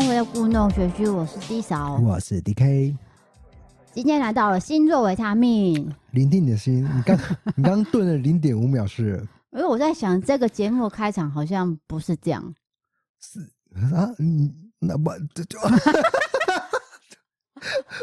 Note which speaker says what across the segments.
Speaker 1: 我故弄玄虛，我是 D 掃，我是 DK。今天來到了星座維他命，
Speaker 2: 聆聽你的心，你剛 你剛剛頓了零點五秒是？
Speaker 1: 因、欸、為我在想這個節目開場好像不是這樣，
Speaker 2: 是啊，那麼這就？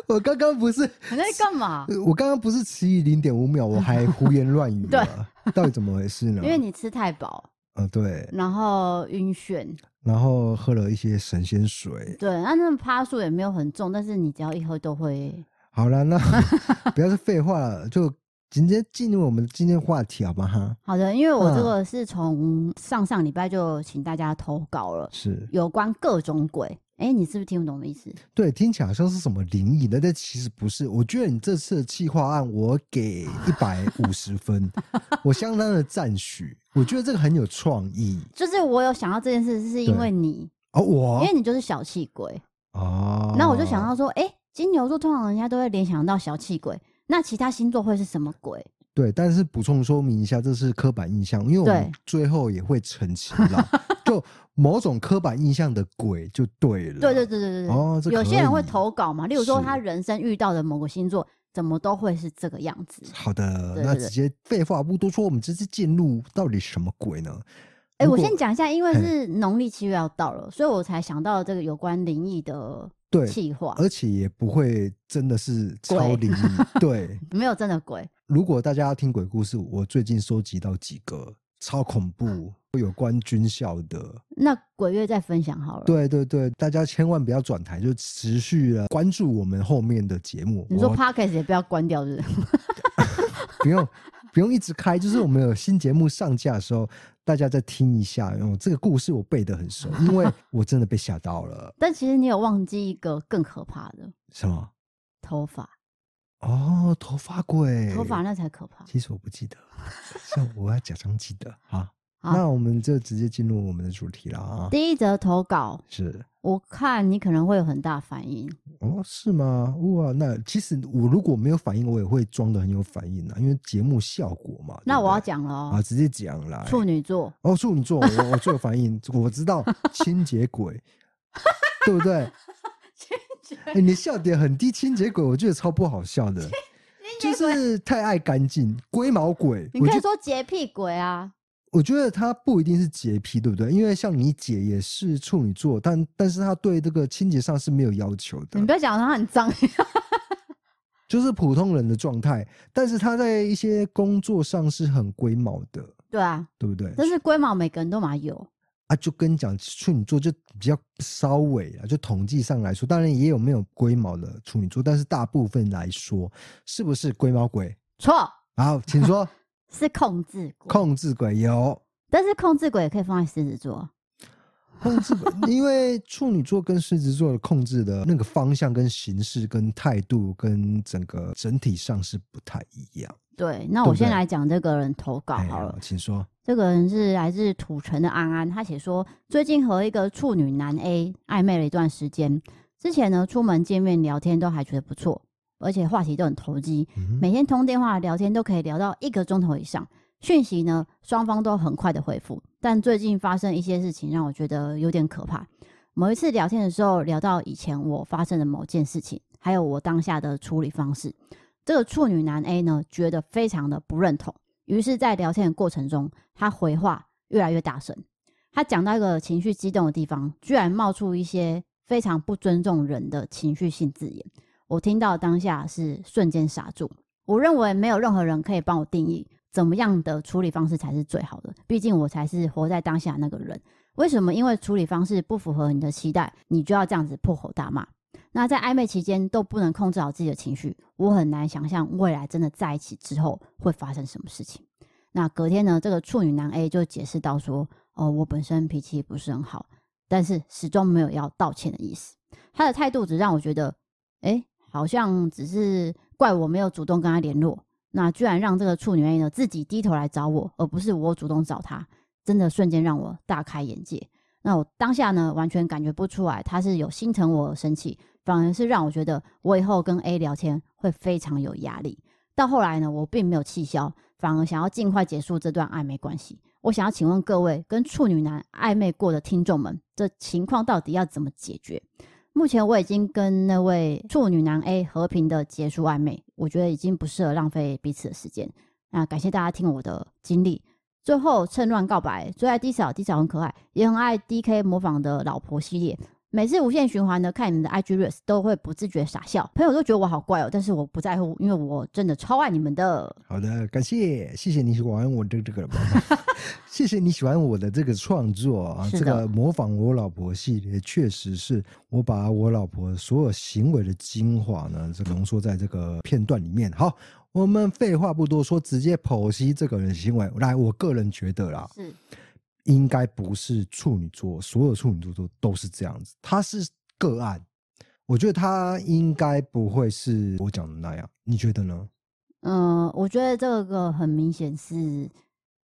Speaker 1: 我剛剛不是你在幹嘛？
Speaker 2: 我剛剛不是遲疑零點五秒，我還胡言亂語， 對， 到底怎麼回事呢？因為
Speaker 1: 你吃太飽。呃、嗯，對，然後暈眩，
Speaker 2: 然後喝了一些神仙水，
Speaker 1: 對，啊、那那個趴數也沒有很重，但是你只要一喝都會。
Speaker 2: 好了，那不要說廢話了， 就直接進入我們今天話題，好嗎？好
Speaker 1: 的，因為我這個是從上上禮拜就請大家投稿了，嗯、是有關各種鬼。哎，你是不是聽不懂的意思？
Speaker 2: 對，聽起來好像是什麼靈異的，但其實不是。我覺得你這次的企劃案，我給一百五十分， 我相當的讚許。我覺得這個很有創意。
Speaker 1: 就是我有想到這件事，是因為你啊、哦，我，因為你就是小氣鬼
Speaker 2: 哦。那我就想到
Speaker 1: 說，哎，金牛座通常人家都會聯想到小氣鬼，那其他星座會是什麼鬼？
Speaker 2: 對，但是補充說明一下，這是刻板印象，因為我們最後也會澄清了， 就某種刻板印象的鬼就對了。對
Speaker 1: 對對對對哦，有些人會投稿嘛，例如說他人生遇到的某個星座怎麼都會是這個樣子。
Speaker 2: 好的，對對對，那直接廢話不多說，我們這次進入到底什麼鬼呢？
Speaker 1: 哎、欸，我先講一下，因為是農曆七月要到了，所以我才想到了這個有關靈異的企劃對氣話，而
Speaker 2: 且也不會真的是超靈異， 對，
Speaker 1: 沒有真的鬼。
Speaker 2: 如果大家要聽鬼故事，我最近收集到幾個超恐怖，嗯、有關軍校的，
Speaker 1: 那鬼月再分享好了。
Speaker 2: 對對對，大家千萬不要轉台，就持續的關注我們後面的節目。你說
Speaker 1: Podcast 也不要關掉，是不
Speaker 2: 是？ 不用不用一直開，就是我們有新節目上架的時候，大家再聽一下。然後、哦、這個故事我背得很熟，因為我真的被嚇到了。
Speaker 1: 但其實你有忘記一個更可怕的。什麼？頭髮。
Speaker 2: 哦，頭髮鬼，頭髮那才可怕。其實我不記得，那 我要假裝記得、啊啊、那我們就直接進入我們的主題了。第一
Speaker 1: 則投稿是我看你可能會有很大反應
Speaker 2: 哦，是嗎？哇，那其實我如果沒有反應，我也會裝得很有反應啦因為節目效果嘛。
Speaker 1: 那我要講了、喔啊、
Speaker 2: 直接講了。處女座哦，處女座，我我最有反應， 我知道清潔鬼， 對不對？ 欸、你笑點很低，清潔鬼，我覺得超不好笑的。 清潔鬼就是太愛乾淨，龜毛鬼。你可以說
Speaker 1: 潔癖鬼啊
Speaker 2: 我。我覺得他不一定是潔癖，對不對？因為像你姐也是處女座，但但是他對這個清潔上是沒有要求的。
Speaker 1: 你不要講他很髒 ，
Speaker 2: 就是普通人的狀態。但是他在一些工作上是很龜毛的。對啊，對不對？但
Speaker 1: 是龜毛，每個人都蠻有。
Speaker 2: 啊，就跟你講處女座就比較稍微啊，就統計上來說，當然也有沒有龜毛的處女座，但是大部分來說，是不是龜毛鬼？錯。好，請說。
Speaker 1: 是控制。
Speaker 2: 控制鬼有，
Speaker 1: 但是控制鬼也可以放在獅子座。 控制鬼，
Speaker 2: 因為處女座跟獅子座的控制的那個方向、跟形式、跟態度、跟整個整體上是不太一樣。
Speaker 1: 對，那我先來講這個人投稿好了、啊，請說。這個人是來自土城的安安，他寫說，最近和一個處女男 A 曖昧了一段時間。之前呢，出門見面聊天都還覺得不錯，而且話題都很投機，嗯、每天通電話聊天都可以聊到一個鐘頭以上。訊息呢，雙方都很快的回復。但最近發生一些事情，讓我覺得有點可怕。某一次聊天的時候，聊到以前我發生的某件事情，還有我當下的處理方式。這個處女男 A 呢，覺得非常的不認同，於是，在聊天的過程中，他回話越來越大聲。他講到一個情緒激動的地方，居然冒出一些非常不尊重人的情緒性字眼。我聽到當下是瞬間傻住。我認為沒有任何人可以幫我定義怎麼樣的處理方式才是最好的，畢竟我才是活在當下那個人。為什麼？因為處理方式不符合你的期待，你就要這樣子破口大罵？那在曖昧期間都不能控制好自己的情緒，我很難想象未來真的在一起之後會發生什麼事情。那隔天呢，這個處女男 A 就解釋道說：“哦、呃，我本身脾氣不是很好，但是始終沒有要道歉的意思。他的態度只讓我覺得，哎，好像只是怪我沒有主動跟他聯絡。那居然讓這個處女 A 呢，自己低頭來找我，而不是我主動找他，真的瞬間讓我大開眼界。”那我當下呢，完全感覺不出來他是有心疼我而生氣，反而是讓我覺得我以後跟 A 聊天會非常有壓力。到後來呢，我並沒有氣消，反而想要盡快結束這段曖昧關係。我想要請問各位跟處女男曖昧過的聽眾們，這情況到底要怎麼解決？目前我已經跟那位處女男 A 和平的結束曖昧，我覺得已經不適合浪費彼此的時間。那感謝大家聽我的經歷。最後趁亂告白，最愛 D 掃，D 掃很可愛，也很愛 DK 模仿的老婆系列。每次無限循環的看你們的 IG reels 都會不自覺傻笑，朋友都覺得我好怪哦、喔，但是我不在乎，因為我真的超愛你們的。
Speaker 2: 好的，感謝，謝謝你喜歡我的、這個、 這個，謝謝你喜歡我的這個創作 啊，這個模仿我老婆系列確實是我把我老婆所有行為的精華呢，是濃縮在這個片段裡面。好，我們廢話不多說，直接剖析這個人行為。來，我個人覺得啦，是。應該不是處女座，所有處女座都都是這樣子，他是個案。我覺得他應該不會是我講的那樣，你覺得呢？嗯，
Speaker 1: 我覺得這個很明顯是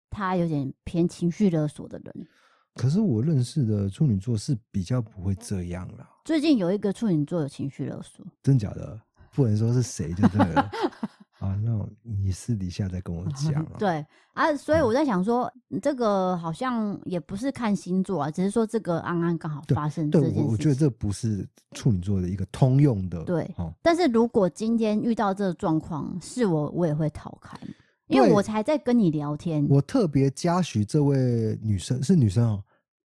Speaker 1: 他有點偏情緒勒索的人。
Speaker 2: 可是我認識的處女座是比較不會這樣啦。
Speaker 1: 最近有一個處女座有情緒勒索，
Speaker 2: 真假的？不能說是誰就對了。啊，那你私底下再跟我講啊，嗯。
Speaker 1: 對啊，所以我在想說，這個好像也不是看星座啊，只是說這個安安剛好發生。對，對，我，我覺得
Speaker 2: 這不是處女座的一個通用的。對，哦，
Speaker 1: 但是如果今天遇到這個狀況，是我我也會逃開，因為我才在跟你聊天。
Speaker 2: 我特別嘉許這位女生，是女生啊，哦。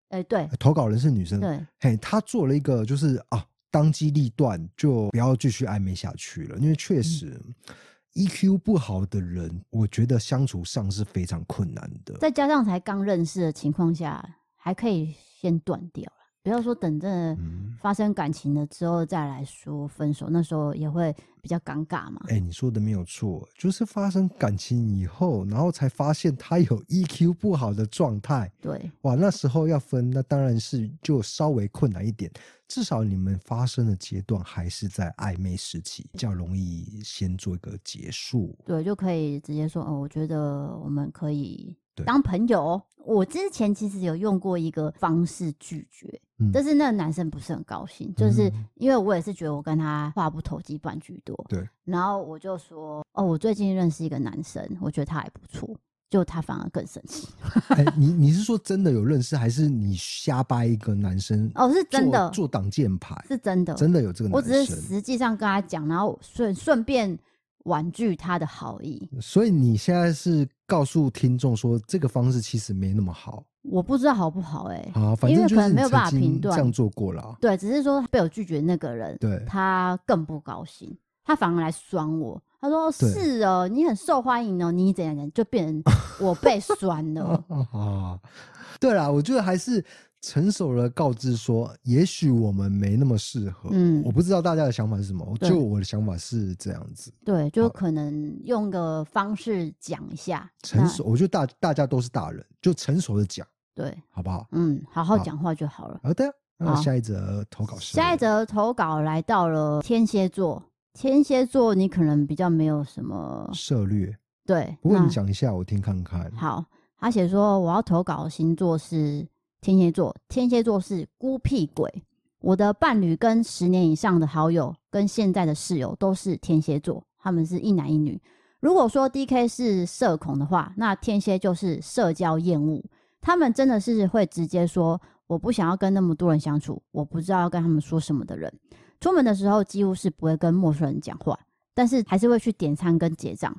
Speaker 2: 哎，對，投稿人是女生。對，嘿，她做了一個就是啊，當機立斷，就不要繼續曖昧下去了，因為確實，嗯。EQ 不好的人，我覺得相處上是非常困難的。再
Speaker 1: 加上才剛認識的情況下，還可以先斷掉。不要說等着發生感情了之後再來說分手，嗯、那時候也會比較尷尬嘛。
Speaker 2: 哎、欸，你說的沒有錯，就是發生感情以後，然後才發現他有 EQ 不好的狀態。對，哇，那時候要分，那當然是就稍微困難一點。至少你們發生的階段還是在曖昧時期，較容易先做一個結束。
Speaker 1: 對，就可以直接說哦、呃，我覺得我們可以。對，當朋友，我之前其實有用過一個方式拒絕，嗯，但是那個男生不是很高興，就是因為我也是覺得我跟他話不投機半句多。對，然後我就說：“哦，我最近認識一個男生，我覺得他還不錯。”就他反而更生氣。
Speaker 2: 欸，你你是說真的有認識，還是你瞎掰一個男生？哦，是真的，做擋箭牌是
Speaker 1: 真的，真的有這個男生。我只是實際上跟他講，然後順順便婉拒他的好意。
Speaker 2: 所以你現在是？告訴聽眾說，這個方式其實沒那麼好，
Speaker 1: 我不知道好不好哎、欸啊，因為可能沒有辦法評斷，這樣
Speaker 2: 做過了，
Speaker 1: 對，只是說他被我拒絕那個人，對，他更不高興，他反而來酸我，他說是哦，你很受歡迎哦，你怎樣怎樣，就變成我被酸了，
Speaker 2: 啊 對啦，我覺得還是。成熟的，告知說，也許我們沒那麼適合。嗯，我不知道大家的想法是什麼，就我的想法是這樣子。
Speaker 1: 對，就可能用個方式講一下。成
Speaker 2: 熟，嗯、我覺得大大家都是大人，就成熟的講，對，好不好？
Speaker 1: 嗯，好好講話就好了。好，好的，那下一
Speaker 2: 則投稿下
Speaker 1: 一則投稿來到了天蠍座。天蠍座，你可能比較沒有什麼
Speaker 2: 涉獵。對，不過你講一下、嗯，我聽看看。
Speaker 1: 好，他寫說我要投稿的星座是。天蠍座，天蠍座是孤僻鬼。我的伴侶跟十年以上的好友，跟現在的室友都是天蠍座，他們是一男一女。如果說 DK 是社恐的話，那天蠍就是社交厭惡。他們真的是會直接說：“我不想要跟那麼多人相處，我不知道要跟他們說什麼的人。”出門的時候幾乎是不會跟陌生人講話，但是還是會去點餐跟結賬。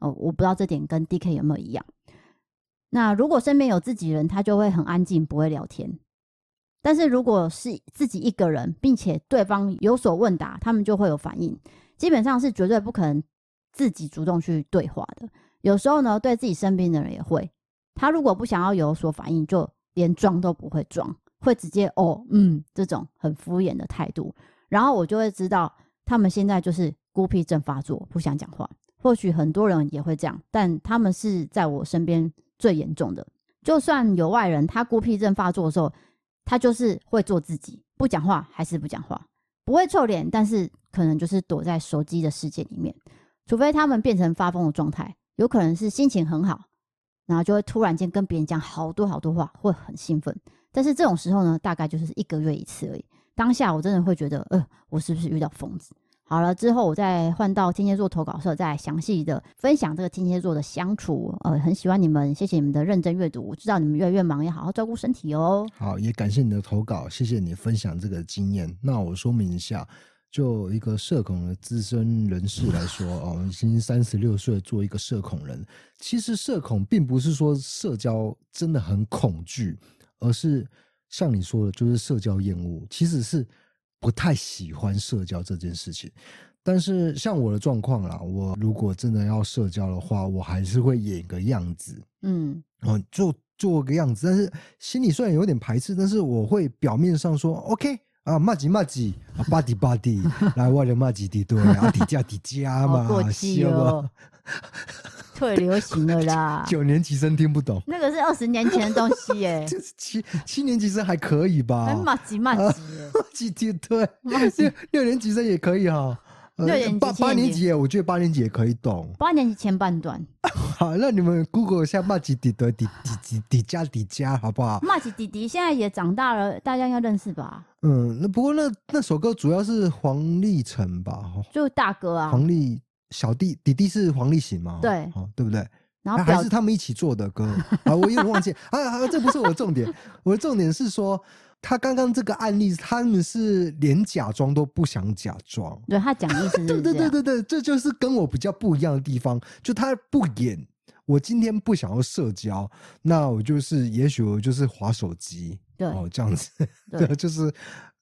Speaker 1: 哦，我不知道這點跟 DK 有沒有一樣？那如果身邊有自己人，他就會很安靜，不會聊天。但是如果是自己一個人，並且對方有所問答，他們就會有反應。基本上是絕對不可能自己主動去對話的。有時候呢，對自己身邊的人也會，他如果不想要有所反應，就連裝都不會裝，會直接，哦，嗯，這種很敷衍的態度。然後我就會知道，他們現在就是孤僻症發作，不想講話。或許很多人也會這樣，但他們是在我身邊。最嚴重的，就算有外人，他孤僻症發作的時候，他就是會做自己，不講話還是不講話，不會臭臉，但是可能就是躲在手機的世界裡面。除非他們變成發瘋的狀態，有可能是心情很好，然後就會突然間跟別人講好多好多話，會很興奮。但是這種時候呢，大概就是一個月一次而已。當下我真的會覺得，呃，我是不是遇到瘋子？好了，之後我再換到天蠍座投稿社，再詳細的分享這個天蠍座的相處。呃，很喜歡你們，謝謝你們的認真閱讀。我知道你們越來越忙，要好好照顧身體哦。
Speaker 2: 好，也感謝你的投稿，謝謝你分享這個經驗。那我說明一下，就一個社恐的資深人士來說， 哦，已經三十六歲，做一個社恐人，其實社恐並不是說社交真的很恐懼，而是像你說的，就是社交厭惡，其實是。不太喜歡社交這件事情，但是像我的狀況啦，我如果真的要社交的話，我還是會演個樣子，嗯，做做個樣子，但是心裡雖然有點排斥，但是我會表面上說、嗯、OK 啊，麻吉麻吉啊，巴迪巴迪來，萬人麻吉的對啊迪加迪加嘛，過激
Speaker 1: 退流行了啦九！
Speaker 2: 九年級生聽不懂，
Speaker 1: 那個是二十年前的東西耶 七。七七年級生還可以吧？麻吉麻
Speaker 2: 吉，弟弟對，六六年級生也可以哈。六年級、呃、八年級八,八年級，我覺得八年級也可以懂。
Speaker 1: 八年級前半段。
Speaker 2: 好、啊，那你們 Google 一下麻吉弟弟迪迪迪加迪加好不好？
Speaker 1: 麻吉弟弟現在也長大了，大家應該認識吧？
Speaker 2: 嗯，那不過那那首歌主要是黃立成吧？
Speaker 1: 就大哥啊，黃
Speaker 2: 立。小弟弟弟是黃立行嗎？對、哦，對不對？然後、啊、還是他們一起做的歌 啊，我有點忘記啊，啊這不是我的重點， 我的重點是說，他剛剛這個案例，他們是連假裝都不想假裝。對，他講的是 對對對對對，這就是跟我比較不一樣的地方。就他不演，我今天不想要社交，那我就是，也許我就是滑手機，哦，這樣子，對， 就是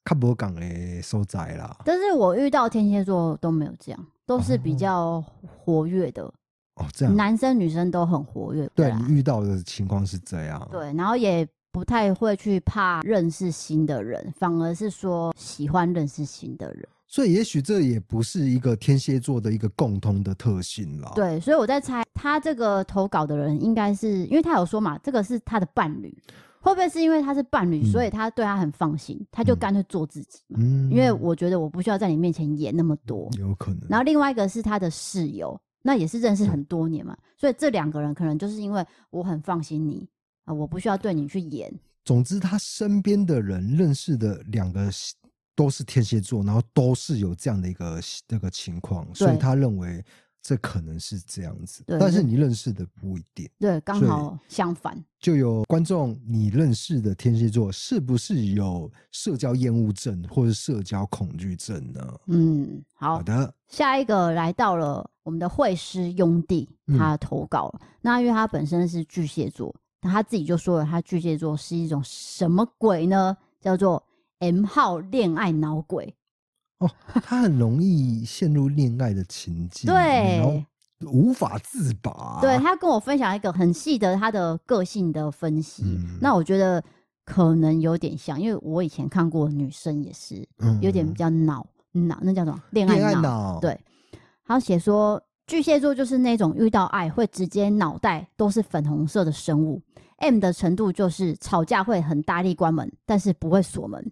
Speaker 2: 看博港誒受災啦。
Speaker 1: 但是我遇到天蠍座都沒有這樣。都是比較活躍的哦，這樣男生女生都很活躍。對，
Speaker 2: 對你遇到的情況是這樣，
Speaker 1: 對，然後也不太會去怕認識新的人，反而是說喜歡認識新的人。
Speaker 2: 所以也許這也不是一個天蠍座的一個共通的特性啦。
Speaker 1: 對，所以我在猜他這個投稿的人應該是，因為他有說嘛，這個是他的伴侶。會不會是因為他是伴侶，所以他對他很放心，嗯、他就乾脆做自己嘛，嗯，因為我覺得我不需要在你面前演那麼多。有可能。然後另外一個是他的室友，那也是認識很多年嘛，嗯、所以這兩個人可能就是因為我很放心你啊、呃，我不需要對你去演。
Speaker 2: 總之，他身邊的人認識的兩個都是天蠍座，然後都是有這樣的一個那個情況，所以他認為。這可能是這樣子，但是你認識的不一定。
Speaker 1: 對，剛好相反。
Speaker 2: 就有觀眾，你認識的天蠍座是不是有社交厭惡症或者社交恐懼症呢？嗯
Speaker 1: 好，好的，下一個來到了我們的會師兄弟，他的投稿，嗯，那因為他本身是巨蟹座，那他自己就說了，他巨蟹座是一種什麼鬼呢？叫做 M 號戀愛腦鬼。
Speaker 2: 哦，他很容易陷入戀愛的情境，對，無法自拔。
Speaker 1: 對，他跟我分享一個很細的他的個性的分析，嗯，那我覺得可能有點像，因為我以前看過女生也是，有點比較腦腦，嗯，那叫什麼？戀愛腦。對，他寫說巨蟹座就是那種遇到愛會直接腦袋都是粉紅色的生物，M 的程度就是吵架會很大力關門，但是不會鎖門。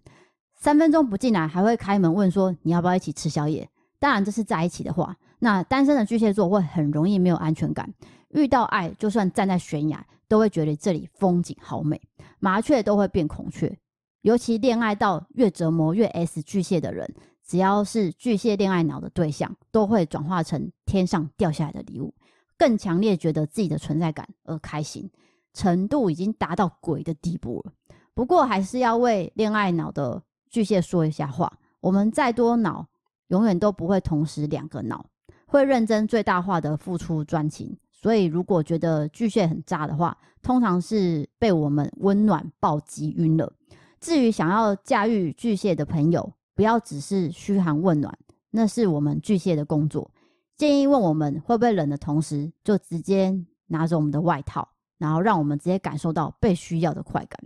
Speaker 1: 三分鐘不進來，還會開門問說，你要不要一起吃宵夜？當然這是在一起的話。那單身的巨蟹座會很容易沒有安全感，遇到愛就算站在懸崖都會覺得這裡風景好美，麻雀都會變孔雀。尤其戀愛到越折磨越 S 巨蟹的人，只要是巨蟹戀愛腦的對象，都會轉化成天上掉下來的禮物，更強烈覺得自己的存在感而開心，程度已經達到鬼的地步了。不過還是要為戀愛腦的。巨蟹說一下話，我們再多腦，永遠都不會同時兩個腦，會認真最大化的付出專情。所以如果覺得巨蟹很渣的話，通常是被我們溫暖暴擊暈了。至於想要駕馭巨蟹的朋友，不要只是噓寒問暖，那是我們巨蟹的工作。建議問我們會不會冷的同時，就直接拿着我們的外套，然後讓我們直接感受到被需要的快感。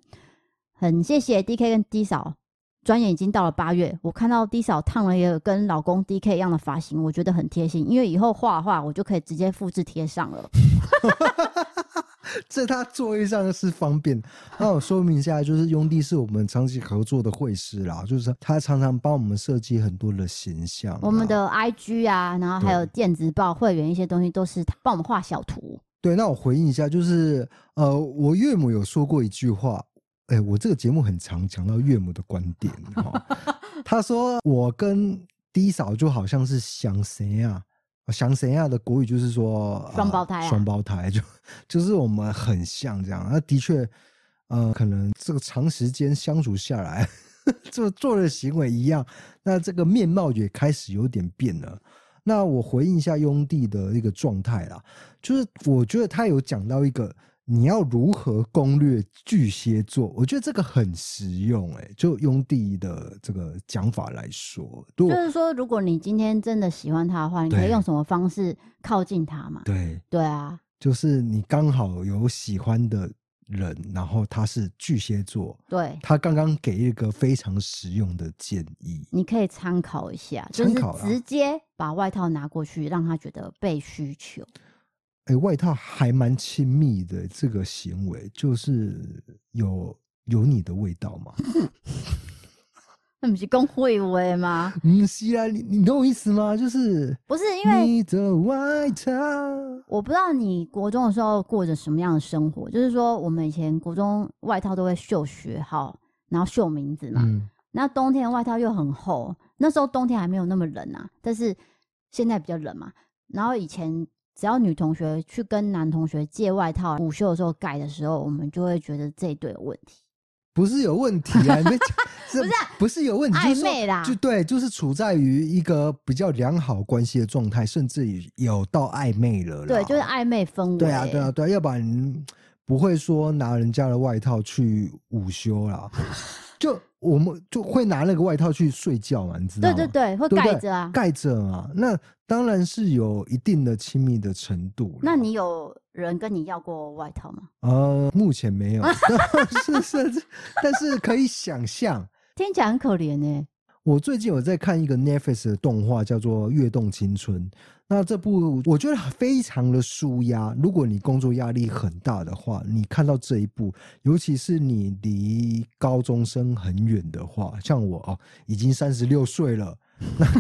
Speaker 1: 很謝謝 DK 跟 D 嫂。轉眼已經到了八月，我看到 D 嫂燙了一個跟老公 DK 一樣的髮型，我覺得很貼心，因為以後畫畫我就可以直接複制貼上了。
Speaker 2: 這他作業上是方便的，那我說明一下，就是用弟是我們長期合作的繪師啦，就是他常常幫我們設計很多的形象，我
Speaker 1: 們的 IG 啊，然後還有電子報會員一些東西都是他幫我們畫小圖。
Speaker 2: 對，那我回應一下，就是呃，我岳母有說過一句話。哎，我這個節目很常講到岳母的觀點哈。他 說我跟 D 嫂就好像是像誰啊？像誰啊？的國語就是說雙胞、啊呃、雙胞胎，雙胞胎就就是我們很像這樣。那、啊、的確，呃，可能這個長時間相處下來，做 做的行為一樣，那這個面貌也開始有點變了。那我回應一下兄弟的一個狀態啦，就是我覺得他有講到一個。你要如何攻略巨蟹座？我覺得這個很實用哎、欸，就用第一的這個講法來說，就
Speaker 1: 是說，如果你今天真的喜歡他的話，你可以用什麼方式靠近他嘛？對對啊，
Speaker 2: 就是你剛好有喜歡的人，然後他是巨蟹座，對，他剛剛給一個非常實用的建議，
Speaker 1: 你可以參考一下，就是直接把外套拿過去，讓他覺得被需求。
Speaker 2: 哎、欸，外套還蠻親密的，這個行為就是有有你的味道嗎？
Speaker 1: 那不是更會味嗎？不是啊，你你懂我意思嗎？就是不是因為你的外套？我不知道你國中的時候過着什、嗯、什麼樣的生活，就是說我們以前國中外套都會繡學號，然後繡名字嘛、嗯。那冬天外套又很厚，那時候冬天還沒有那麼冷啊，但是現在比較冷嘛。然後以前。只要女同學去跟男同學借外套，午休的時候蓋的時候，我們就會覺得這一對有問題。不是有問題啊， 不是，啊、
Speaker 2: 不是有問題，曖昧啦，就是、就對，就是處在於一個比較良好關係的狀態，甚至有到曖昧了。對，
Speaker 1: 就是曖昧氛圍。對啊，對啊，
Speaker 2: 對啊，要不然不會說拿人家的外套去午休啦， 就我們就會拿那個外套去睡覺嘛，你知道嗎？對對對，會蓋着啊，蓋着啊，那。當然是有一定的親密的程度。
Speaker 1: 那你有人跟你要過外套嗎？
Speaker 2: 呃，目前沒有，
Speaker 1: 是是，但是可以想象，聽起來很可憐呢。
Speaker 2: 我最近有在看一個 Netflix 的動畫，叫做《躍動青春》。那這部我覺得非常的舒壓。如果你工作壓力很大的話，你看到這一部，尤其是你離高中生很遠的話，像我啊、哦，已經三十六歲了。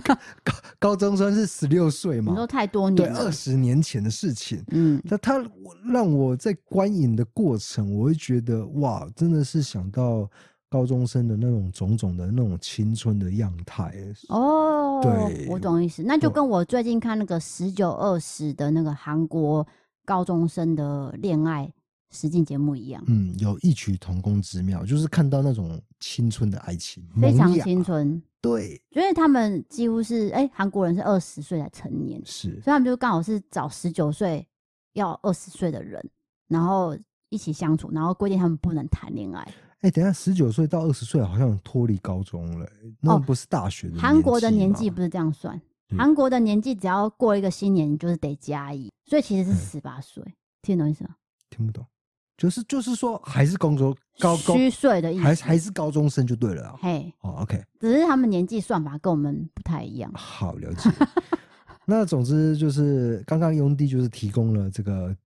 Speaker 2: 高 高中生是十六歲嘛？你說
Speaker 1: 太多年了，對二
Speaker 2: 十年前的事情。嗯，他他讓我在觀影的過程，我會覺得哇，真的是想到高中生的那種種種的那種青春的樣態。哦，對，
Speaker 1: 我懂意思。那就跟我最近看那個十九二十的那個韓國高中生的戀愛實境節目一樣，
Speaker 2: 嗯，有異曲同工之妙，就是看到那種青春的愛情，非常青
Speaker 1: 春，對，所以他們幾乎是哎，韓國人是二十歲才成年，是，所以他們就剛好是找十九歲要二十歲的人，然後一起相處，然後規定他們不能談戀愛。
Speaker 2: 哎，等一下十九歲到二十歲好像脫離高中了，那不是大學。哦，韓國的年紀
Speaker 1: 不是這樣算，嗯，韓國的年紀只要過一個新年就是得加一，所以其實是十八歲，嗯，聽懂意思嗎？聽不
Speaker 2: 懂。就是就是說，還是工作高高，虛歲的意思，還是還是高中生就對了啊、喔。嘿、喔，哦，OK，只
Speaker 1: 是他們年紀算法跟我們不太一樣。好了解， 那
Speaker 2: 總之就是剛剛用地就是提供了這個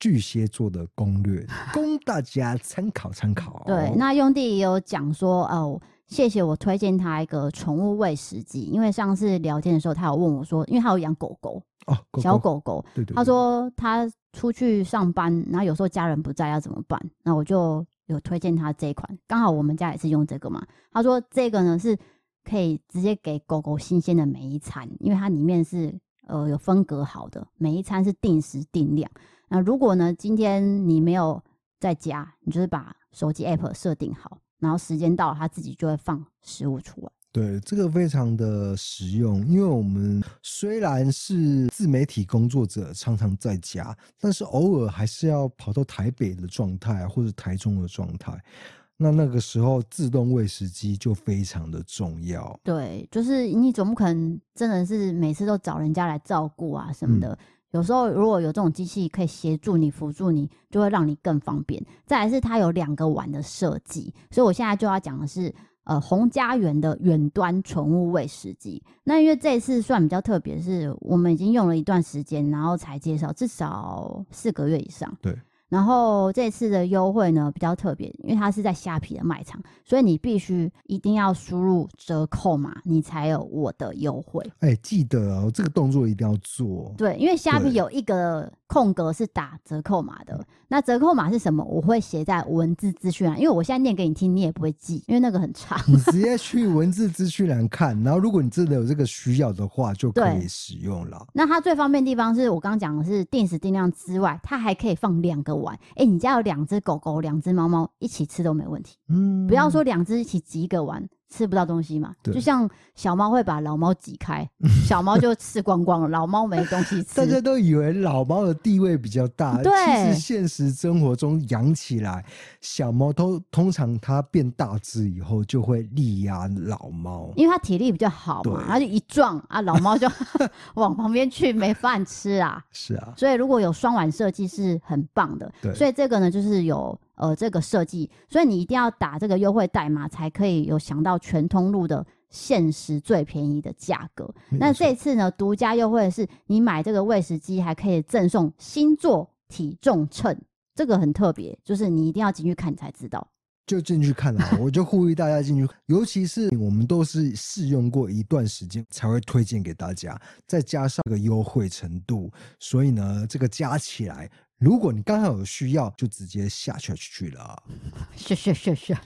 Speaker 2: 巨蟹座的攻略，供大家參考參考。 對，那
Speaker 1: 用地也有講說哦。謝謝我推薦他一個寵物餵食機，因為上次聊天的時候，他有問我說，因為他有養狗狗哦，狗狗，小狗狗，對對、對，他說他出去上班，然後有時候家人不在要怎麼辦？那我就有推薦他這一款，剛好我們家也是用這個嘛。他說這個呢是可以直接給狗狗新鮮的每一餐，因為它裡面是呃有分隔好的，每一餐是定時定量。那如果呢今天你沒有在家，你就是把手機 APP 設定好。然後時間到了，他自己就會放食物出來。
Speaker 2: 對，這個非常的實用，因為我們雖然是自媒體工作者，常常在家，但是偶爾還是要跑到台北的狀態或者台中的狀態，那那個時候自動餵食機就非常的重要。
Speaker 1: 對，就是你總不可能真的是每次都找人家來照顧啊什麼的。嗯有時候如果有這種機器可以協助你、輔助你，就會讓你更方便。再來是它有兩個碗的設計，所以我現在就要講的是，呃，鴻嘉源的遠端寵物餵食機。那因為這一次算比較特別，是我們已經用了一段時間，然後才介紹，至少四個月以上。對。然後這次的優惠呢，比較特別，因為它是在蝦皮的賣場，所以你必須一定要輸入折扣碼，你才有我的優惠。哎、
Speaker 2: 欸，記得哦，我這個動作一定要
Speaker 3: 做。對，因
Speaker 1: 為蝦皮有一個空格是打折扣碼的。那折扣碼是什麼？我會寫在文字資訊欄，因為我現在念給你聽，你也不會記，因為那個很長。你直接
Speaker 2: 去文字資訊欄看， 然後如果你真的有這個需要的話，就可以使用了。
Speaker 1: 那它最方便的地方是我剛剛講的是定時定量之外，它還可以放兩個。碗，哎，你家有兩隻狗狗，兩隻貓貓一起吃都沒問題，嗯，不要說兩隻一起擠一個碗。吃不到東西嘛？對，就像小貓會把老貓擠開，小貓就吃光光了， 老貓沒東西吃。大家
Speaker 2: 都以為老貓的地位比較大。對，其實現實生活中養起來，小貓都通常它變大只以後就會力壓老貓，
Speaker 1: 因為它體力比較好嘛，它就一撞啊，老貓就 往旁邊去，沒飯吃啊。是啊，所以如果有雙碗設計是很棒的，對。所以這個呢，就是有。呃，這個設計，所以你一定要打這個優惠代碼，才可以有想到全通路的限時最便宜的價格。那這一次呢，獨家優惠是你買這個餵食機，還可以贈送星座體重秤，這個很特別，就是你一定要進去看，才知道。
Speaker 2: 就進去看了， 我就呼籲大家進去看，尤其是我們都是試用過一段時間才會推薦給大家，再加上個優惠程度，所以呢，這個加起來。如果你剛好有需要，就直接下下去了。是是是是，是是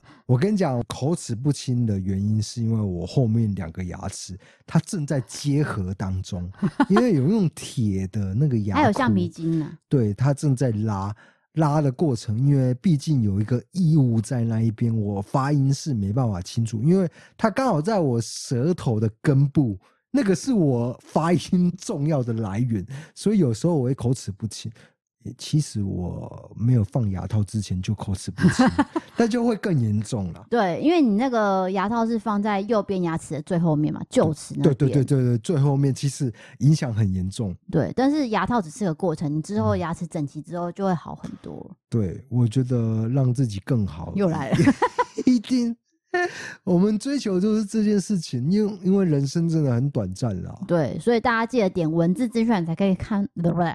Speaker 2: 我跟你講，口齒不清的原因是因為我後面兩個牙齒它正在結合當中， 因為有用鐵的那個牙，還有橡皮筋呢。對，它正在拉拉的過程，因為畢竟有一個異物在那一邊，我發音是沒辦法清楚，因為它剛好在我舌頭的根部。那個是我發音重要的來源，所以有時候我會口齒不清。其實我沒有放牙套之前就口齒不清，那 就會更嚴重了。
Speaker 1: 對，因為你那個牙套是放在右邊牙齒的最後面嘛，臼、嗯、齒那邊。對對對
Speaker 2: 對對，最後面其實影響很嚴重。對，
Speaker 1: 但是牙套只是個過程，你之後牙齒整齊之後就會好很多、嗯。
Speaker 2: 對，我覺得讓自己更好。
Speaker 1: 又來了， 一定。
Speaker 2: 我們追求就是這件事情，因因為人生真的很短暫啦、啊，
Speaker 1: 對，所以大家記得點文字資訊才可以看，對不對？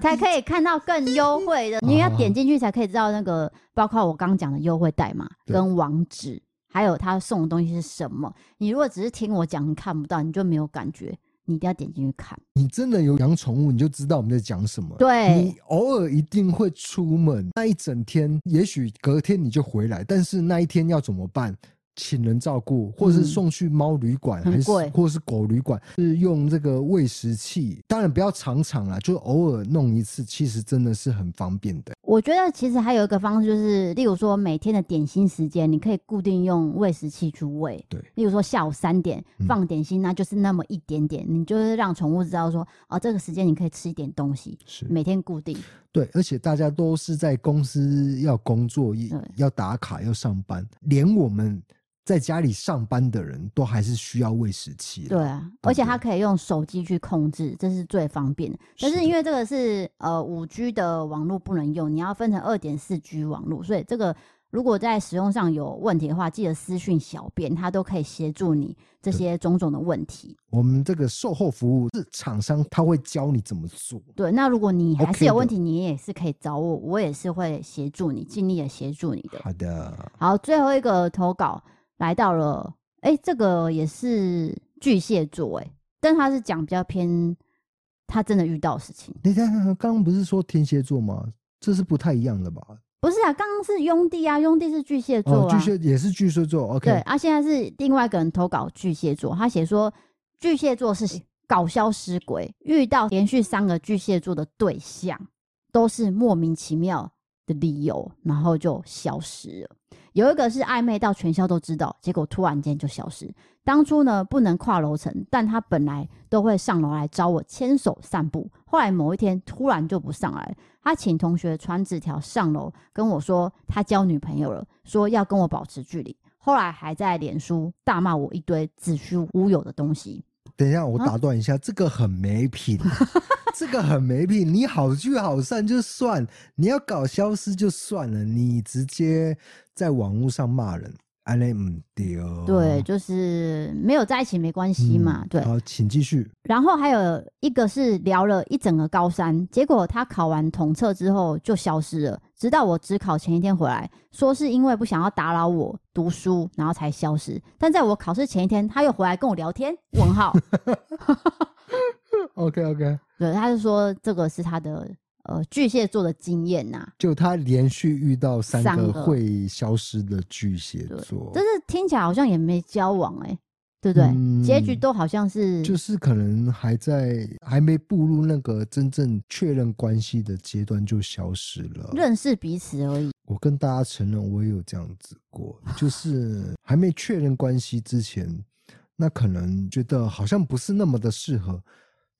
Speaker 1: 才可以看到更優惠的。 你要點進去才可以知道那個，包括我剛講的優惠代碼 跟網址，還有他送的東西是什麼。你如果只是聽我講，你看不到，你就沒有感覺。你一定要點進去看。
Speaker 2: 你真的有養寵物，你就知道我們在講什麼，對。對，你偶爾一定會出門，那一整天，也許隔天你就回來，但是那一天要怎麼辦？請人照顧，或是送去貓旅館、嗯，還是或是狗旅館，就是用這個餵食器。當然不要常常啦，就偶爾弄一次，其實真的是很方便的。
Speaker 1: 我覺得其實還有一個方式，就是例如說每天的點心時間，你可以固定用餵食器去餵。對，例如說下午三點放點心，那就是那麼一點點，嗯、你就是讓寵物知道說，哦，這個時間你可以吃一點東西。是，每天固定。
Speaker 2: 對，而且大家都是在公司要工作、要打卡、要上班，連我們。在家裡上班的人都還是需要餵食器的。
Speaker 1: 對啊，而且它可以用手機去控制，這是最方便的。可是因為這個是呃五 G 的網絡不能用，你要分成二點四 G 網絡，所以這個如果在使用上有問題的話，記得私訊小編，他都可以協助你這些種種的問題。
Speaker 2: 我們這個售後服務是廠商他會教你怎麼做。
Speaker 1: 對，那如果你還是有問題，okay，你也是可以找我，我也是會協助你，盡力的協助你的。好的。好，最後一個投稿。來到了，哎、欸，這個也是巨蟹座，欸，哎，但他是講比較偏，他真的遇到的事情。
Speaker 2: 你看剛剛不是說天蠍座嗎？這是不太一樣的吧？
Speaker 1: 不是啊，剛剛是兄弟啊，兄弟是巨蟹座，啊哦，巨蟹也是巨蟹座。OK，他，啊、現在是另外一個人投稿巨蟹座，他寫說巨蟹座是搞消失鬼，遇到連續三個巨蟹座的對象，都是莫名其妙的理由，然後就消失了。有一個是曖昧到全校都知道，結果突然間就消失。當初呢，不能跨樓層，但他本來都會上樓來找我牽手散步。後來某一天突然就不上來。他請同學傳紙條上樓跟我說他交女朋友了，說要跟我保持距離。後來還在臉書大罵我一堆子虛烏有的東西。
Speaker 2: 等一下，我打斷一下？啊？這個很沒品，這個很沒品。你好聚好散就算，你要搞消失就算了，你直接在網絡上罵人。對，啊、
Speaker 1: 對，就是沒有在一起沒關係嘛、嗯，
Speaker 2: 對。請繼續。
Speaker 1: 然後還有一個是聊了一整個高三，結果他考完統測之後就消失了，直到我只考前一天回來說是因為不想要打擾我讀書，然後才消失。但在我考試前一天，他又回來跟我聊天，問 號。 OK，OK，okay, okay. 對，他就說這個是他的。呃，巨蟹座的經驗吶、啊，
Speaker 2: 就他連續遇到三個會消失的巨蟹座，但
Speaker 1: 是聽起來好像也沒交往哎、欸，對不對、嗯？結局都好像是，就是
Speaker 2: 可能還在還沒步入那個真正確認關係的階段就消失了，
Speaker 1: 認識彼此而已。
Speaker 2: 我跟大家承認，我也有這樣子過，就是還沒確認關係之前，那可能覺得好像不是那麼的適合。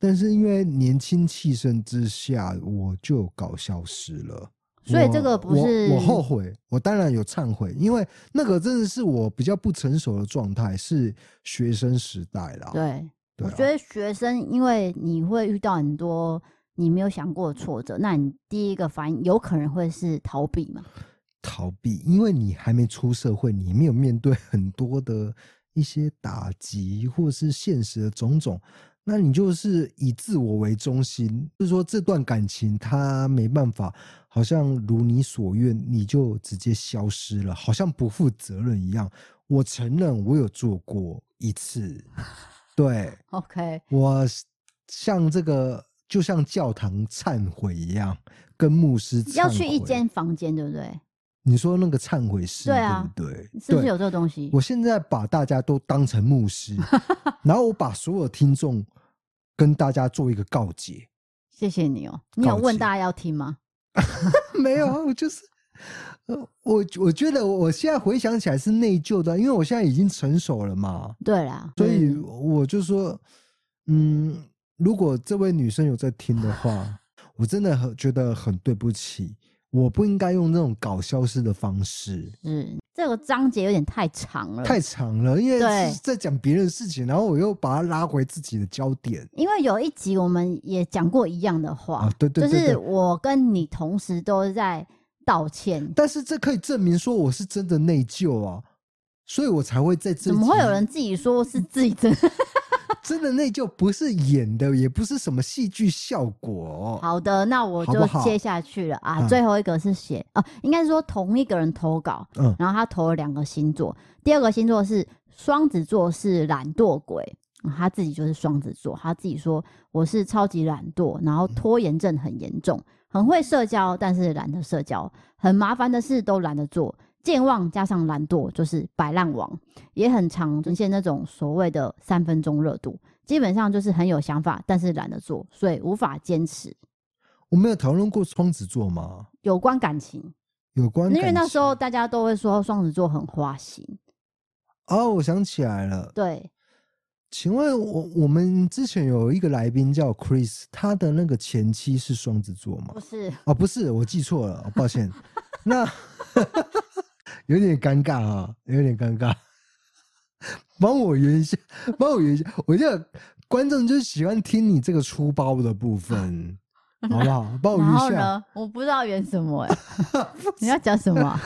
Speaker 2: 但是因為年輕氣盛之下，我就搞消失了。
Speaker 1: 所以這個不是我，我，我後悔，
Speaker 2: 我當然有懺悔，因為那個真的是我比較不成熟的狀態，是學生時代啦。
Speaker 1: 對，對啊，我覺得學生因為你會遇到很多你沒有想過的挫折，那你第一個反應有可能會是逃避嘛，
Speaker 2: 逃避，因為你還沒出社會，你沒有面對很多的一些打擊或是現實的種種。那你就是以自我為中心，就是說這段感情它沒辦法，好像如你所願，你就直接消失了，好像不負責任一樣。我承認我有做過一次，對，OK，我像這個就像教堂懺悔一樣，跟牧師要去一
Speaker 1: 間房間，對不對？
Speaker 2: 你說那個懺悔室，對啊，對不對，
Speaker 1: 是不是有這個東西？我
Speaker 2: 現在把大家都當成牧師， 然後我把所有聽眾。跟大家做一個告解，
Speaker 1: 謝謝你哦。你有問大家要聽嗎？ 沒有，我就是，我我覺得我現在回想起來是
Speaker 2: 內疚的，因為我現在已經成熟了嘛。
Speaker 1: 對啦，所以
Speaker 2: 我就說，嗯，嗯，如果這位女生有在聽的話，我真的很覺得很對不起。我不應該用那種搞消失的方式。
Speaker 1: 嗯，這個章節有點太長了。太
Speaker 2: 長了，因為只是在講別人的事情，然後我又把它拉回自己的焦點。
Speaker 1: 因為有一集我們也講過一樣的話，啊、對，對，對對對，就是我跟你同時都在道歉。
Speaker 2: 但是這可以證明說我是真的內疚啊，所以我才會在這。怎麼會有人
Speaker 1: 自己說是自己真的？ 真的，那就
Speaker 2: 不是演的，也不是什麼戲劇效果、哦。
Speaker 1: 好的，那我就接下去了好不好啊。最後一個是寫、嗯、啊，應該是說同一個人投稿，嗯、然後他投了兩個星座，第二個星座是雙子座，是懶惰鬼、嗯，他自己就是雙子座，他自己說我是超級懶惰，然後拖延症很嚴重，很會社交，但是懶得社交，很麻煩的事都懶得做。健忘加上懶惰，就是擺爛王，也很常呈現那種所謂的三分鐘熱度。基本上就是很有想法，但是懶得做，所以無法堅持。
Speaker 2: 我們有討論過雙子座嗎？
Speaker 1: 有關感情，
Speaker 2: 有關，因為那
Speaker 1: 時候大家都會說雙子座很花心。
Speaker 2: 哦，我想起來了。對，請問我我們之前有一個來賓叫 Chris，他的那個前妻是雙子座嗎？不是，哦，不是，我記錯了，哦，抱歉。 那。 有點尷尬啊，有點尷尬。幫 我圓一下，幫我圓一下。我覺得觀眾就喜歡聽你這個粗暴的部分，
Speaker 1: 好不好？幫我圓一下。我不知道圓什麼、欸、 你要講什麼？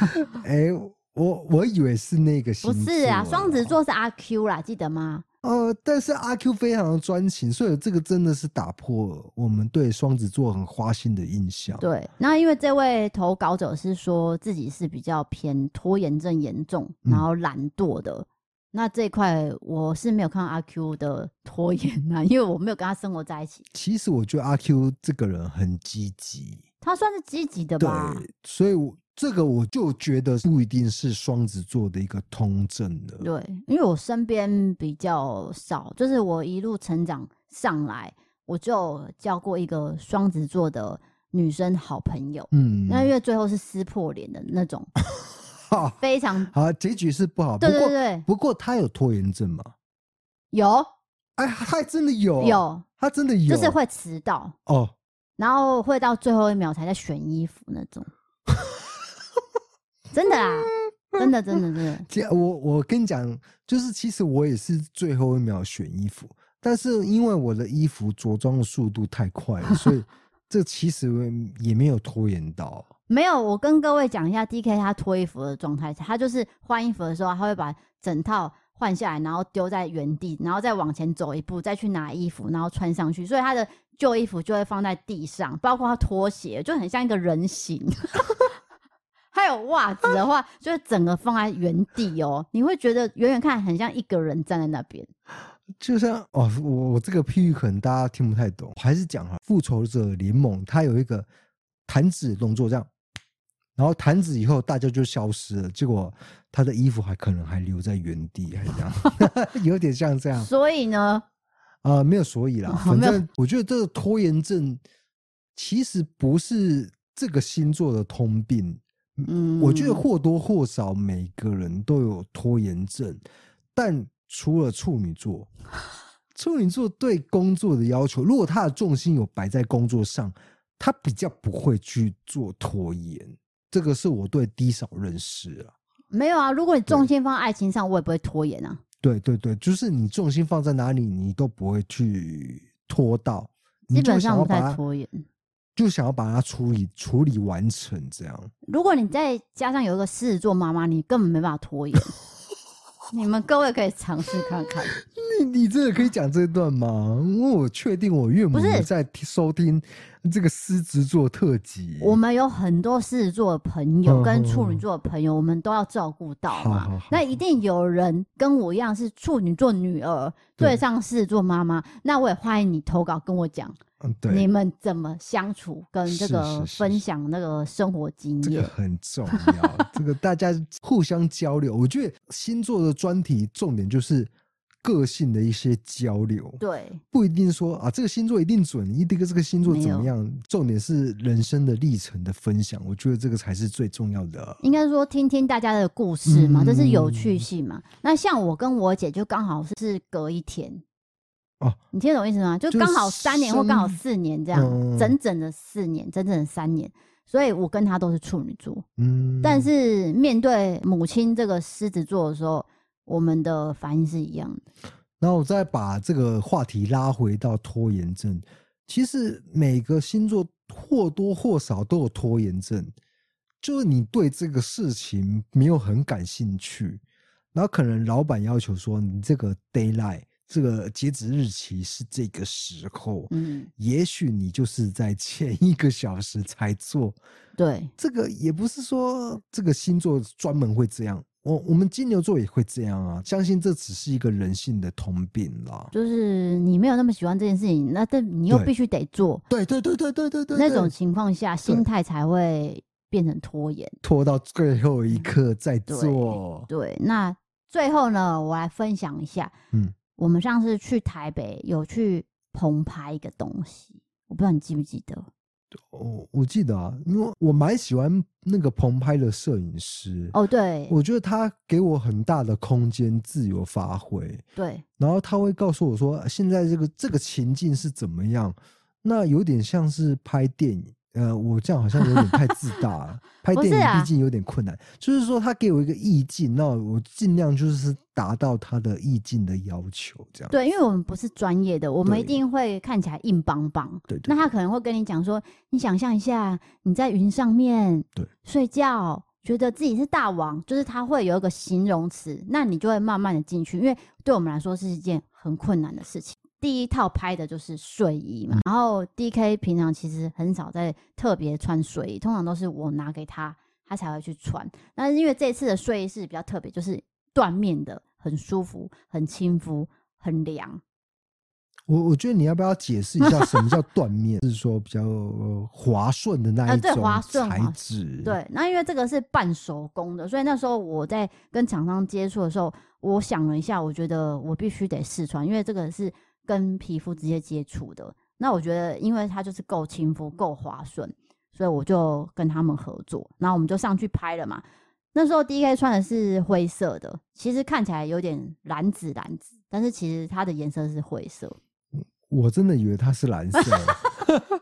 Speaker 1: 哎
Speaker 2: 欸，我我以為是那個星座，不是啊，雙
Speaker 1: 子座是阿 Q 啦， 記得嗎？呃，但是阿 Q 非常的專
Speaker 2: 情，所以這個真的是打破了我們對雙子座很花心的印象。
Speaker 1: 對，那因為這位投稿者是說自己是比較偏拖延症嚴重，然後懶惰的，嗯、那這塊我是沒有看阿 Q 的拖延吶、啊，因為我沒有跟他生活在一起。
Speaker 2: 其實我覺得阿 Q 這個人很積極，
Speaker 1: 他算是積極的吧。對，
Speaker 2: 所以我。這個我就覺得不一定是雙子座的一個通症了。
Speaker 1: 對，因為我身邊比較少，就是我一路成長上來，我就交過一個雙子座的女生好朋友。嗯，那因為最後是撕破臉的那種，哦、非常
Speaker 2: 好、啊，結局是不好。對對對，對不過，不過他有拖延症嗎？
Speaker 1: 有，哎，他還真的有、啊，有，他真的有，就是會遲到哦，然後會到最後一秒才在選衣服那種。真的啊，真的，真的，真的，真 的。這
Speaker 2: 我我跟你講，就是其實我也是最後一秒選衣服，但是因為我的衣服着裝的速度太快了，所以這其實也沒有拖延到。
Speaker 1: 沒有，我跟各位講一下，DK 他脫衣服的狀態，他就是換衣服的時候，他會把整套換下來，然後丟在原地，然後再往前走一步，再去拿衣服，然後穿上去。所以他的舊衣服就會放在地上，包括他拖鞋，就很像一個人形。 還有襪子的話、啊，就整個放在原地哦。你會覺得遠遠看很像一個人站在那邊，就像
Speaker 2: 哦，我我這個譬喻可能大家聽不太懂，還是講啊，「復仇者聯盟他有一個彈指動作，這樣，然後彈指以後大家就消失了，結果他的衣服還可能還留在原地，還是這樣， 有點像這樣。
Speaker 1: 所以呢，啊、
Speaker 2: 呃，沒有所以啦，反正我覺得這個拖延症其實不是這個星座的通病。嗯，我覺得或多或少每個人都有拖延症，但除了處女座，處女座對工作的要求，如果他的重心有擺在工作上，他比較不會去做拖延。這個是我對 D 嫂認識啊。
Speaker 1: 沒有啊，如果你重心放在愛情上，我也不會拖延啊。
Speaker 2: 對對對，就是你重心放在哪裡，你都不會去拖到，基本上不太拖延。就想要把它處理處理完成，這樣。
Speaker 1: 如果你再加上有一個獅子座媽媽，你根本沒辦法拖延。 你們各位可以嘗試看看。
Speaker 2: 你真的可以講這一段嗎？因
Speaker 1: 為我確定我岳母不是在收聽這個獅子座特輯。我們有很多獅子座的朋友跟處女座的朋友，嗯、我們都要照顧到嘛，好好好。那一定有人跟我一樣是處女座女兒，好好對上獅子座媽媽。那我也歡迎你投稿跟我講、
Speaker 3: 嗯，你們
Speaker 1: 怎麼相處，跟這個分享那個生活經驗，這個
Speaker 2: 很重要。 這個大家互相交流，我覺得星座的專題重點就是。個性的一些交流，
Speaker 1: 對，不一
Speaker 2: 定說啊，這個星座一定準，一定跟這個星座怎麼樣？重點是人生的歷程的分享，我覺得這個才是最重要的。
Speaker 1: 應該說，聽聽大家的故事嘛，嗯、這是有趣性嘛。那像我跟我姐就剛好是隔一天哦，你聽懂意思嗎？就剛好三年或剛好四年這樣、嗯，整整的四年，整整的三年，所以我跟她都是處女座，嗯，但是面對母親這個獅子座的時候。我們的反應是一樣的。
Speaker 2: 然後我再把這個話題拉回到拖延症。其實每個星座或多或少都有拖延症，就是你對這個事情沒有很感興趣。然後可能老闆要求說你這個 deadline 這個截止日期是這個時候，嗯，也許你就是在前一個小時才做。對，這個也不是說這個星座專門會這樣。我、oh, 我們金牛座也會這樣啊，相信這只是一個人性的通病啦。
Speaker 1: 就是你沒有那麼喜歡這件事情，那但你又必須得做。對對對對對對，對，對，對。那種情況下心態才會變成拖延，
Speaker 2: 拖到最後一刻再做，嗯對。
Speaker 1: 對，那最後呢，我來分享一下。嗯，我們上次去台北有去棚拍一個東西，我不知道你記不記得。
Speaker 2: 我、哦、我記得啊，因為我蠻喜歡那個棚拍的攝影師哦，對，我覺得他給我很大的空間自由發揮，對，然後他會告訴我說，現在這個這個情境是怎麼樣，那有點像是拍電影。呃，我這樣好像有點太自大了。 拍電影畢竟有點困難。是啊、就是說，他給我一個意境，那我盡量就是達到他的意境的要求，這樣。對，
Speaker 1: 因為我們不是專業的，我們一定會看起來硬邦邦。對對，對。那他可能會跟你講說，你想象一下你在雲上面，對，睡覺，覺得自己是大王，就是他會有一個形容詞，那你就會慢慢的進去，因為對我們來說是一件很困難的事情。第一套拍的就是睡衣嘛，然後 DK 平常其實很少在特別穿睡衣，通常都是我拿給他，他才會去穿。那因為這次的睡衣是比較特別，就是緞面的，很舒服，很親膚，很涼。
Speaker 2: 我我覺得你要不要解釋一下什麼叫緞面？ 是說比較、呃、滑順的那一種材質、
Speaker 1: 啊？對，滑順、滑順。那因為這個是半手工的，所以那時候我在跟廠商接觸的時候，我想了一下，我覺得我必須得試穿，因為這個是跟皮膚直接接觸的，那我覺得因為它就是夠親膚、夠滑順，所以我就跟他們合作，然後我們就上去拍了嘛。那時候 DK 穿的是灰色的，其實看起來有點藍紫藍紫，但是其實它的顏色是灰色。我，
Speaker 2: 我真的以為它是藍色。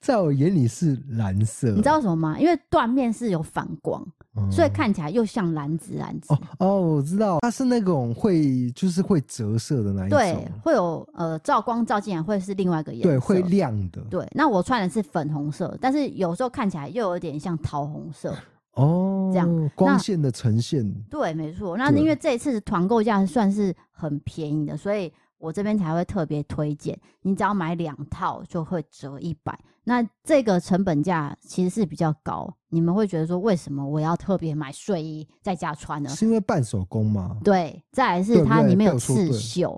Speaker 2: 在我眼裡是藍色，你知道
Speaker 1: 什麼嗎？因為緞面是有反光，嗯，所以看起來又像藍紫藍紫，哦。哦，我
Speaker 2: 知道，它是那種會就是會折射的那一種。對，
Speaker 1: 會有呃照光照進來會是另外一個顏色。對，會亮的。對，那我穿的是粉紅色，但是有時候看起來又有點像桃紅色。哦，這樣光線的呈現。對，沒錯。那因為這一次團購價算是很便宜的，所以。我這邊才會特別推薦，你只要買兩套就會折一百。那這個成本價其實是比較高，你們會覺得說為什麼我要特別買睡衣在家穿呢？是因為半手工嘛？對，再來是它裡面有刺繡，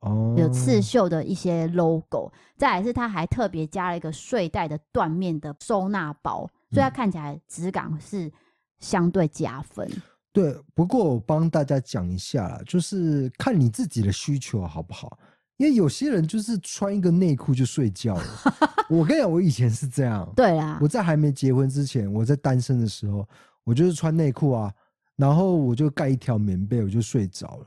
Speaker 1: 哦、
Speaker 3: 嗯，有刺
Speaker 1: 繡的一些 logo，再來是它還特別加了一個睡袋的緞面的收納包，所以它看起來質感是相對加分。
Speaker 2: 對，不過我幫大家講一下啦，就是看你自己的需求好不好？因為有些人就是穿一個內褲就睡覺了。 我跟你講，我以前是這樣。對啊，我在還沒結婚之前，我在單身的時候，我就是穿內褲啊，然後我就蓋一條棉被，我就睡着了。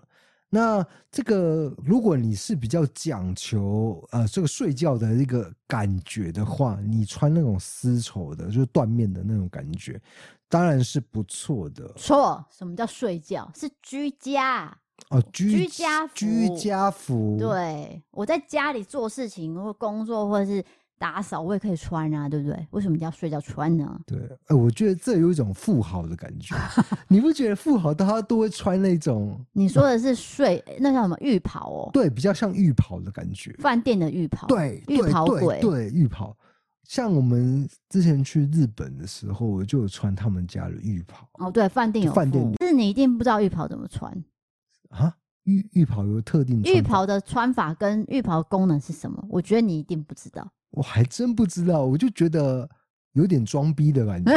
Speaker 2: 那這個，如果你是比較講求呃，這個睡覺的一個感覺的話，你穿那種絲綢的，就是緞面的那種感覺，當然是不錯的。錯，
Speaker 1: 什麼叫睡覺？是居家
Speaker 2: 哦，居、居家居家服。對，
Speaker 1: 我在家裡做事情，或工作，或是。打掃我也可以穿啊，對不對？為什麼你要睡覺穿呢？對，
Speaker 2: 哎、呃，我覺得這有一種富豪的感覺， 你不覺得富豪大家都會穿那種？
Speaker 1: 你說的是睡、啊、那叫什麼浴袍哦？對，比較像浴袍的感覺，飯店的浴袍。對，浴袍鬼，對，對，對，
Speaker 2: 浴袍。像我們之前去日本的時候，我就有穿他們家的浴袍。
Speaker 1: 哦，對，飯店有飯店，但是你一定不知道浴袍怎麼穿？
Speaker 2: 浴、啊、浴袍有特定的。浴袍
Speaker 1: 的穿法跟浴袍的功能是什麼？我覺得你一定不知道。
Speaker 2: 我還真不知道，我就覺得有點裝逼的感覺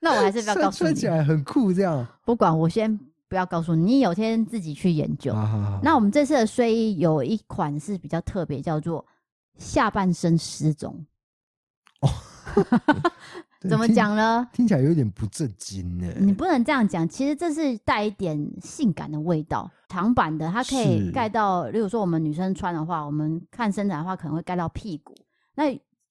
Speaker 1: 那我還是不要告訴你，穿起來很酷。這樣，不管我先不要告訴你，你有天自己去研究。啊好好。那我們這次的睡衣有一款是比較特別，叫做下半身失蹤。
Speaker 2: 怎麼講呢聽？聽起來有點不正經呢。
Speaker 1: 你不能這樣講，其實這是帶一點性感的味道，長版的它可以蓋到，例如說我們女生穿的話，我們看身材的話可能會蓋到屁股。那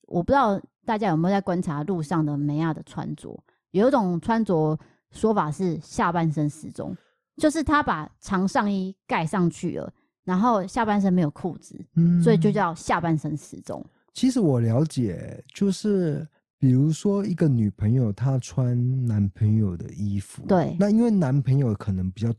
Speaker 1: 我不知道大家有沒有在觀察路上的梅亞的穿着，有一種穿着說法是下半身失蹤，就是她把長上衣蓋上去了，然後下半身沒有褲子、嗯，所以就叫下半身失蹤。
Speaker 2: 其實我了解，就是。比如說，一個女朋友她穿男朋友的衣服，對，那因為男朋友可能比較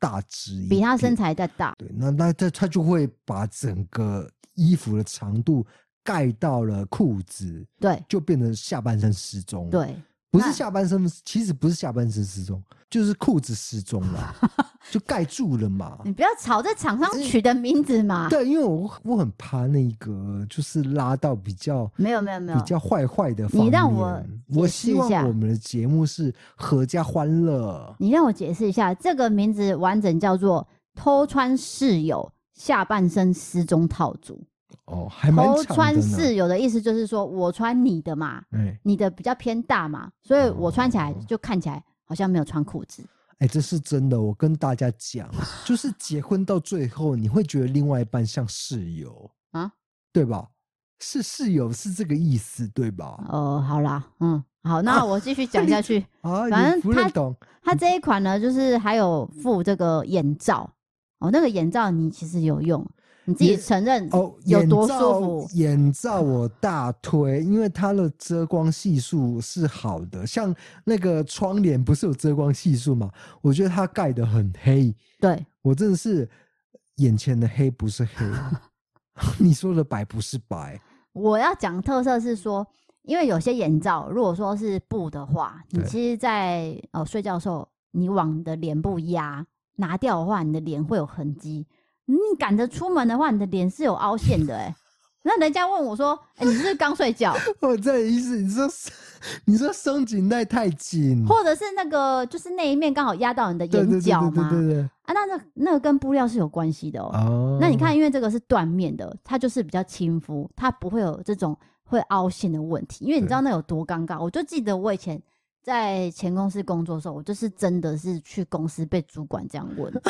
Speaker 2: 大只，比她
Speaker 1: 身材再大，對，
Speaker 2: 那那她她就會把整個衣服的長度蓋到了褲子，對，就變成下半身失蹤，對。不是下半身，其實不是下半身失蹤，就是褲子失蹤了， 就蓋住了嘛。
Speaker 1: 你不要吵，在廠商取的名字嘛。呃、對，
Speaker 2: 因為我我很怕那個，就是拉到比較沒有沒有沒有比較壞壞的方面，你讓我，我希望我們的節目是合家歡樂。
Speaker 1: 你讓我解釋一下，這個名字完整叫做“偷穿室友下半身失蹤套組”。
Speaker 3: 哦，還蠻巧的。偷穿室
Speaker 1: 友的意思就是說，我穿你的嘛，欸，你的比較偏大嘛，所以我穿起來就看起來好像沒有穿褲子。哎，
Speaker 2: 欸，這是真的，我跟大家講， 就是結婚到最後，你會覺得另外一半像室友啊，對吧？是室友是這個意思對吧？
Speaker 1: 哦，呃，好啦。嗯，好，那我繼續講下去啊。啊，反正他懂他這一款呢，就是還有附這個眼罩哦，那個眼罩你其實有用。你自己承認哦，有多舒服。
Speaker 2: 眼罩我大推，因為它的遮光係數是好的。像那個窗簾不是有遮光係數嗎？我覺得它蓋得很黑。對，我真的是眼前的黑不是黑， 你說的白不是白。
Speaker 1: 我要講特色是說，因為有些眼罩如果說是布的話，你其實在，在哦睡覺的時候你往你的臉部壓拿掉的話，你的臉會有痕跡。你趕着出門的話，你的臉是有凹陷的哎、欸。 那人家問我說：“哎、欸，你是不是剛睡覺？” 我這個意思，你說，你說鬆緊帶太緊，或者是那個，就是那一面剛好壓到你的眼角嗎？對對對對對對對對啊，那那那個跟布料是有關係的、喔、哦。那你看，因為這個是緞面的，它就是比較親膚，它不會有這種會凹陷的問題。因為你知道那有多尷尬，我就記得我以前在前公司工作的時候，我就是真的是去公司被主管這樣問。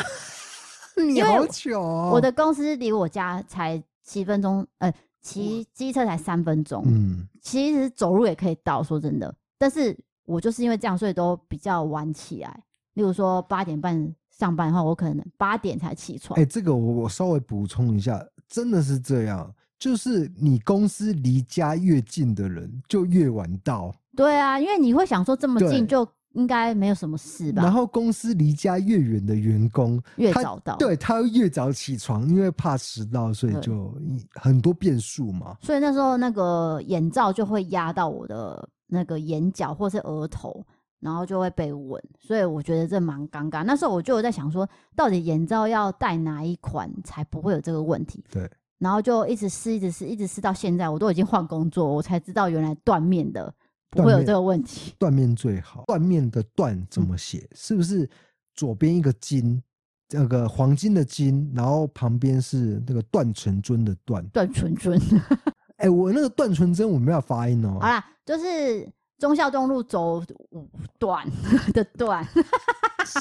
Speaker 1: 因為我的公司離我家才七分鐘，呃，騎機車才三分鐘。嗯，其實走路也可以到，說真的。但是我就是因為這樣，所以都比較晚起來。例如說八點半上班的話，我可能八點才起床。哎，這
Speaker 2: 個我我稍微補充一下，真的是這樣，就是你公司離家越近的人就越晚到。
Speaker 1: 對啊，因為你會想說這麼近就。應該沒有什麼事吧。然
Speaker 2: 後公司離家越遠的員工越早到，他，對，他越早起床，因為怕遲到，所以就很多變數嘛。
Speaker 1: 所以那時候那個眼罩就會壓到我的那個眼角或是額頭，然後就會被紋，所以我覺得這蠻尷尬。那時候我就有在想說，到底眼罩要戴哪一款才不會有這個問題？對。然後就一直試，一直試，一直試到現在，我都已經換工作，我才知道原來緞面的。我有
Speaker 2: 這個問題，斷，斷面最好。斷面的“斷”怎麼寫、嗯？是不是左邊一個“金”，那個黃金的“金”，然後旁邊是那個斷純的斷“斷存尊”的“斷斷存尊，哎，我那個“斷存真我沒有發音哦。好
Speaker 1: 啦，就是東校東路走五段的“段”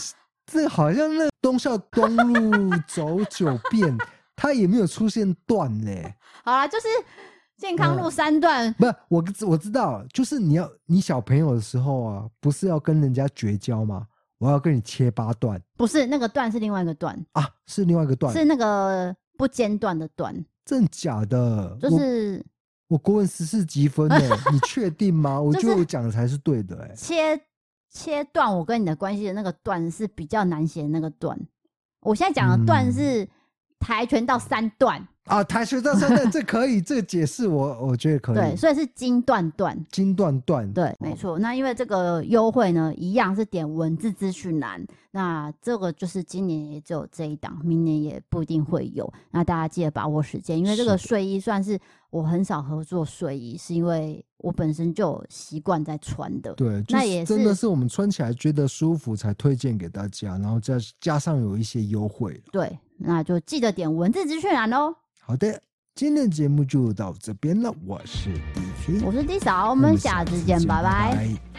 Speaker 2: 這好像那個東校東路走九遍， 它也沒有出現“斷嘞、
Speaker 1: 欸。好啦就是。健康路三段、
Speaker 2: 哦，不我，我知道，就是你要你小朋友的時候啊，不是要跟人家絕交嗎？我要跟你切八段，
Speaker 1: 不是那個，段是另外一個段啊，
Speaker 2: 是另外一個段，是那
Speaker 1: 個不間斷的段，真
Speaker 2: 假的，就是我，我國文十四級分誒， 你確定嗎？我覺得我講的才是對的、就是、切
Speaker 1: 切斷我跟你的關係的那個段是比較難寫的那個段，我現在講的段是、嗯、跆拳道三段。啊，台球這
Speaker 2: 真這可以， 這個解釋我我覺得可以。對，所以
Speaker 1: 是金段段，金段段，對，沒錯。哦、那因為這個優惠呢，一樣是點文字資訊欄。那這個就是今年也只有這一檔，明年也不一定會有。那大家記得把握時間，因為這個睡衣算是我很少合作睡衣，是，是因為我本身就有習慣在穿的。對，那也是、就是、真的是
Speaker 2: 我們穿起來覺得舒服才推薦給大家，然後再加上有一些優惠。
Speaker 1: 對，那就記得點文字資訊欄哦。
Speaker 2: 好的，今天的節目就到這邊了。我是
Speaker 1: DK，我是 D 掃，我們下次見，拜拜。